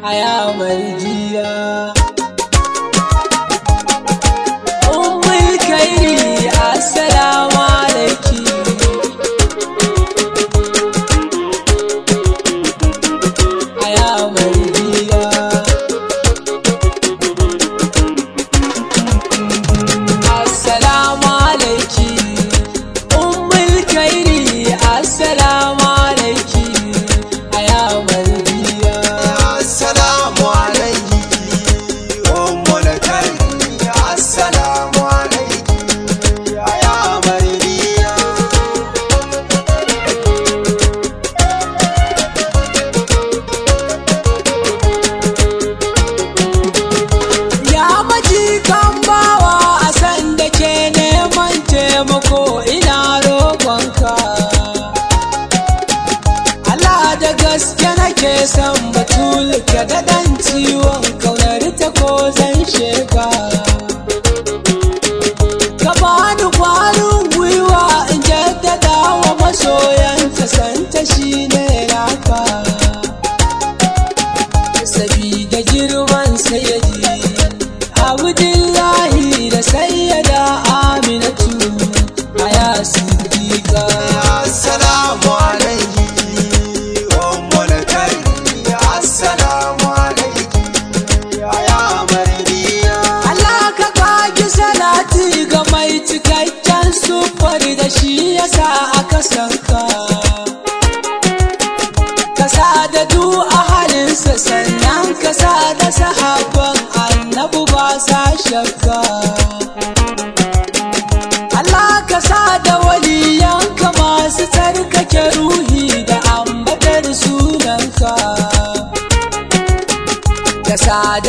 Aya mai jiya. Ummul kairi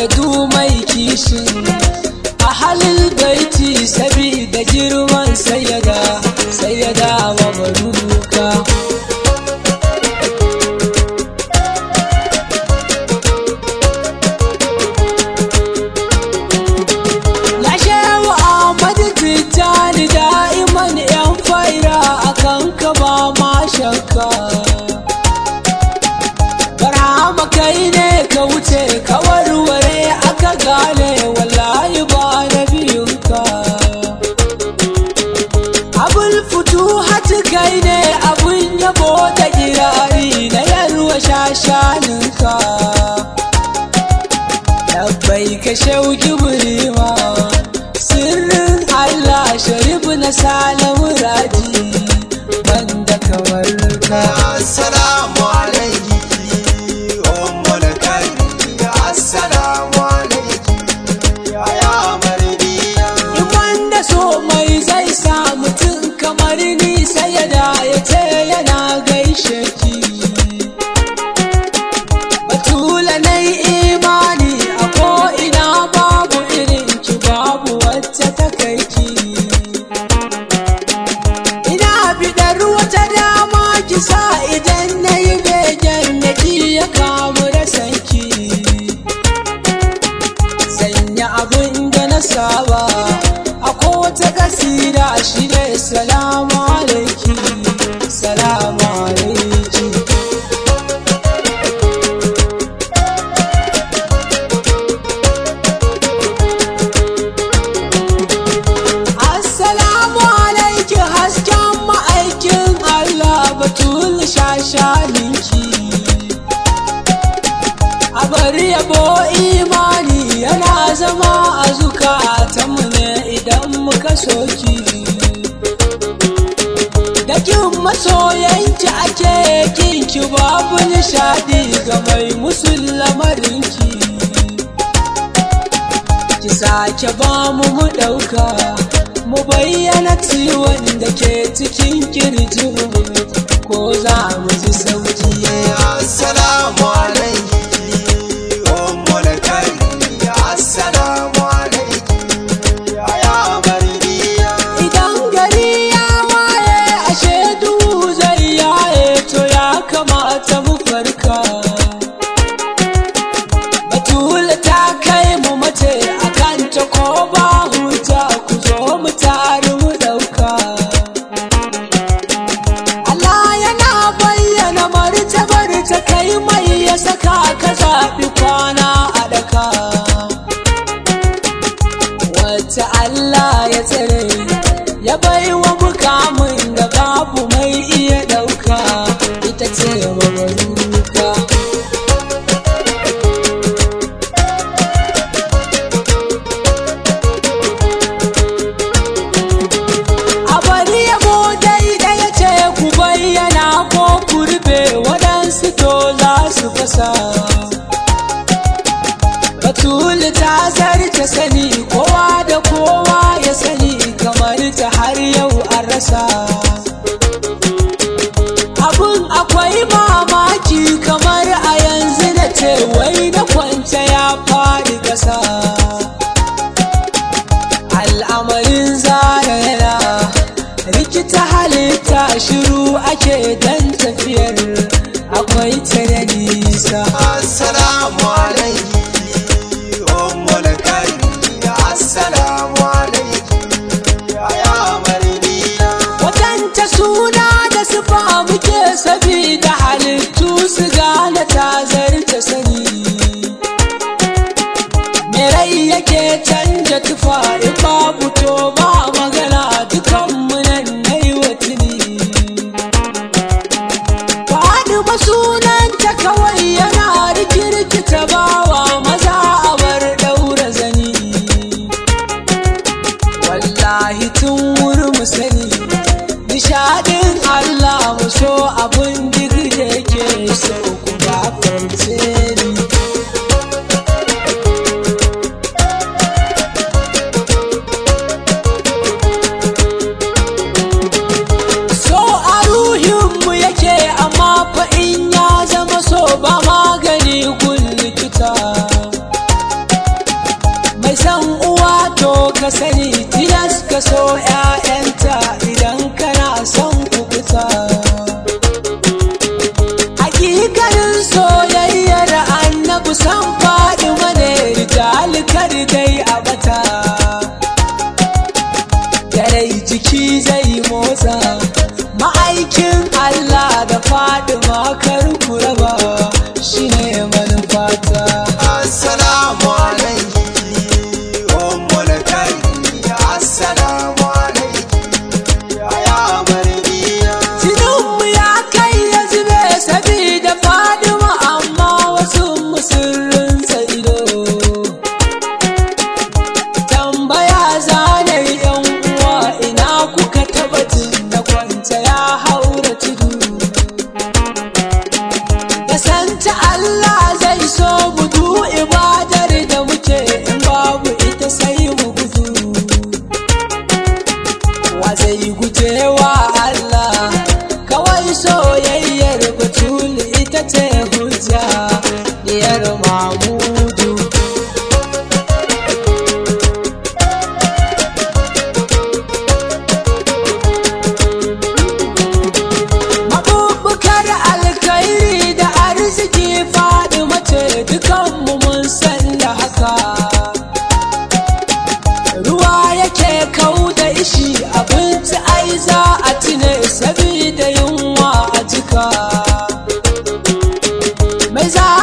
da dumai kishin a halin baiti sabida girman sayyada sayyada wa maruka shakka Barama kai ne ka wuce da shauki ki babu nishadi ga mai musulamarinki ki sake ba mu mu ɗauka mu bayyana ciwon da ke cikin kirjin ko za mu ji sau abin akwai mamaki kamar a yanzu da ce wai na kwance ya faɗi ƙasa al'amarin zara yana rikita halitta shiru ake danta ta zarta sani me rai yake canja tufa babu to ba sai gujewa Allah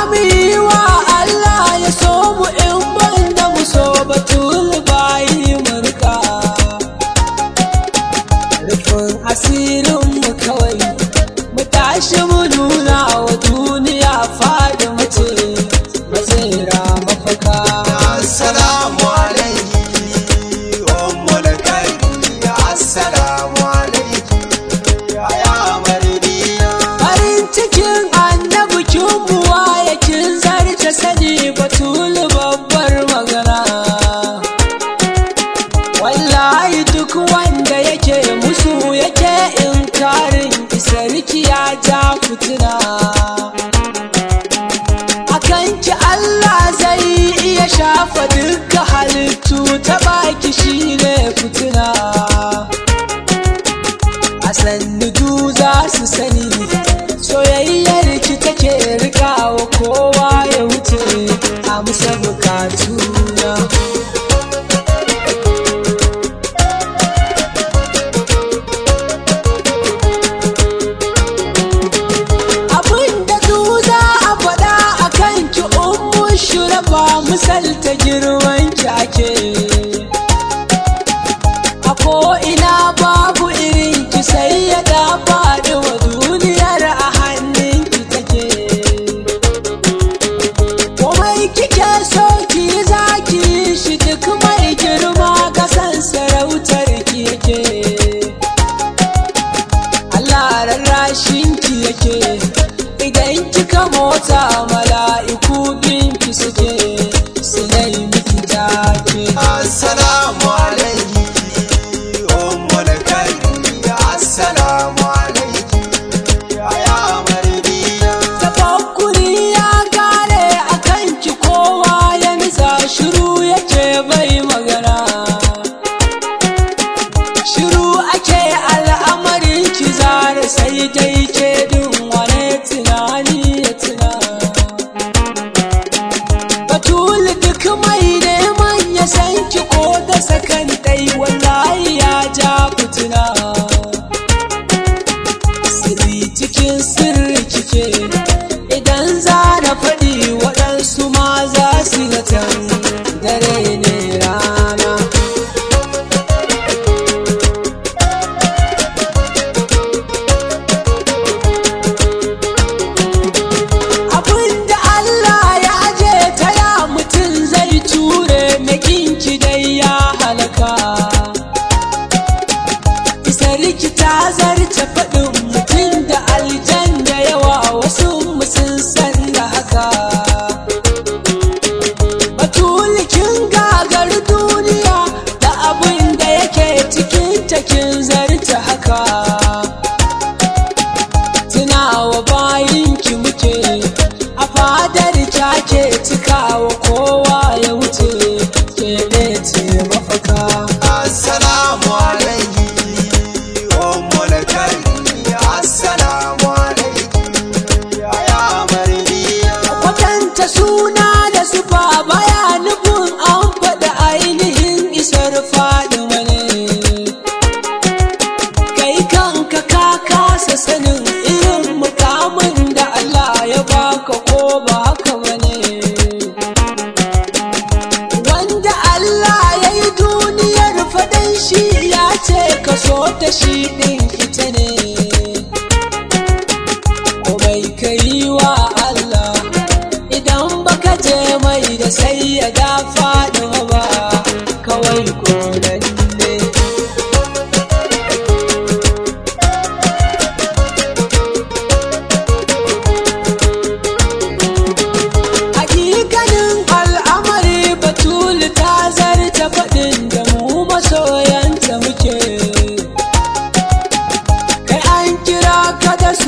mami. misalta girma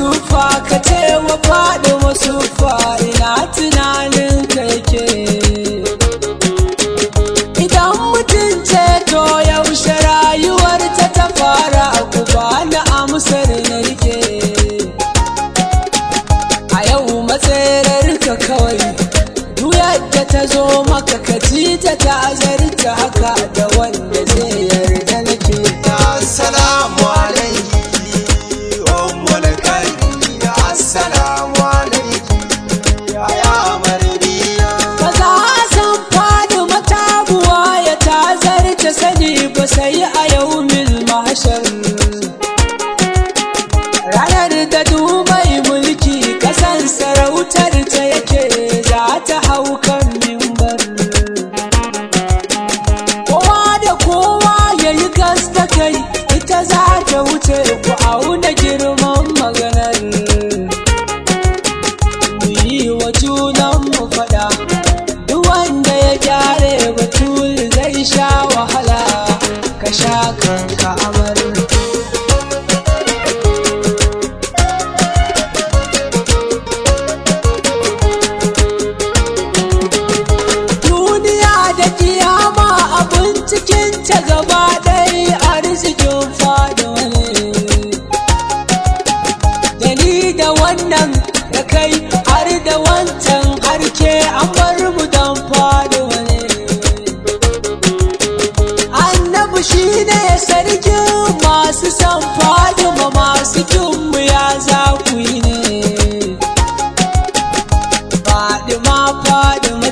sufa ka ce wa faɗi wa sufa ina tunani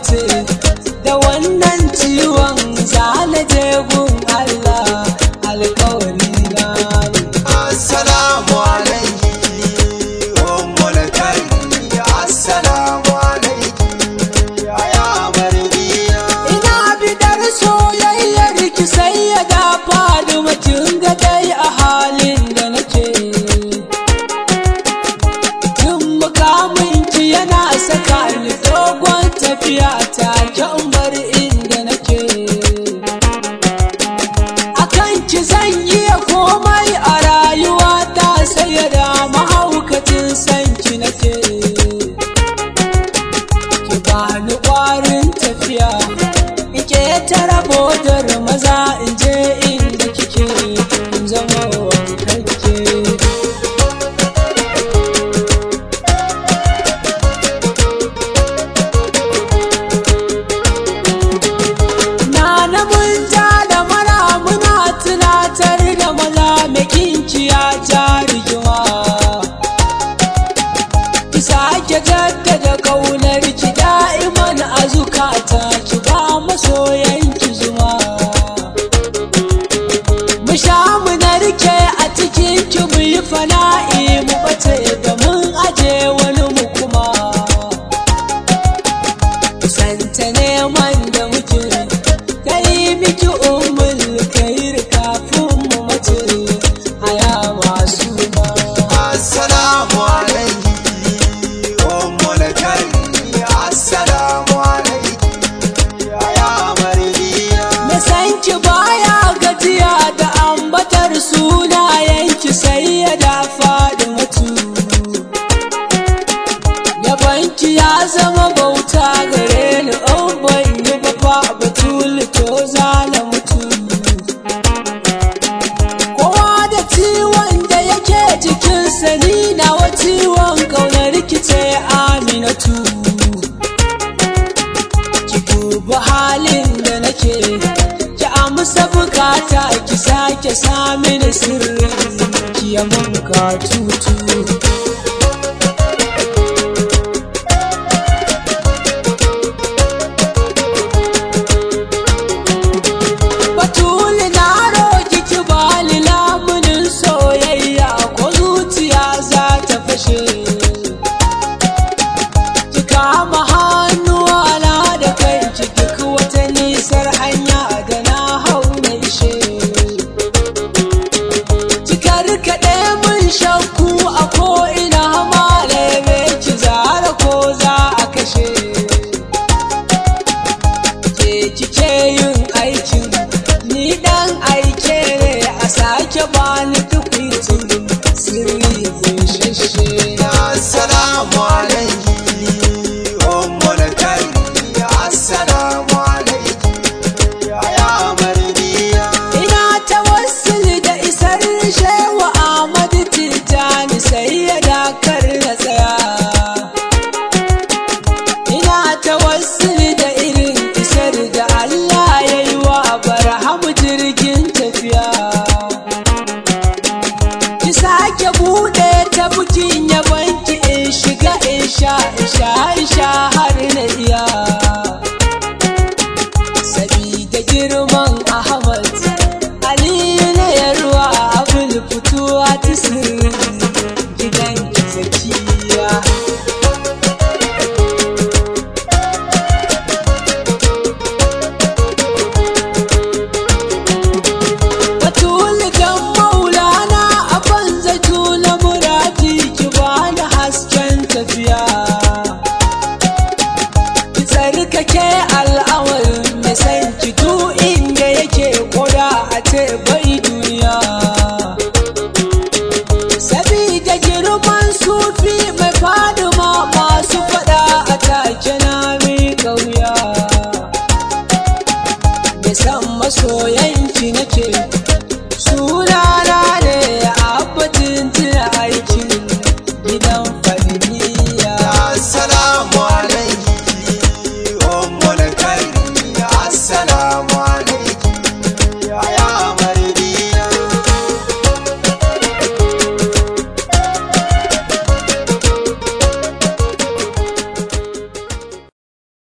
one and wannan one.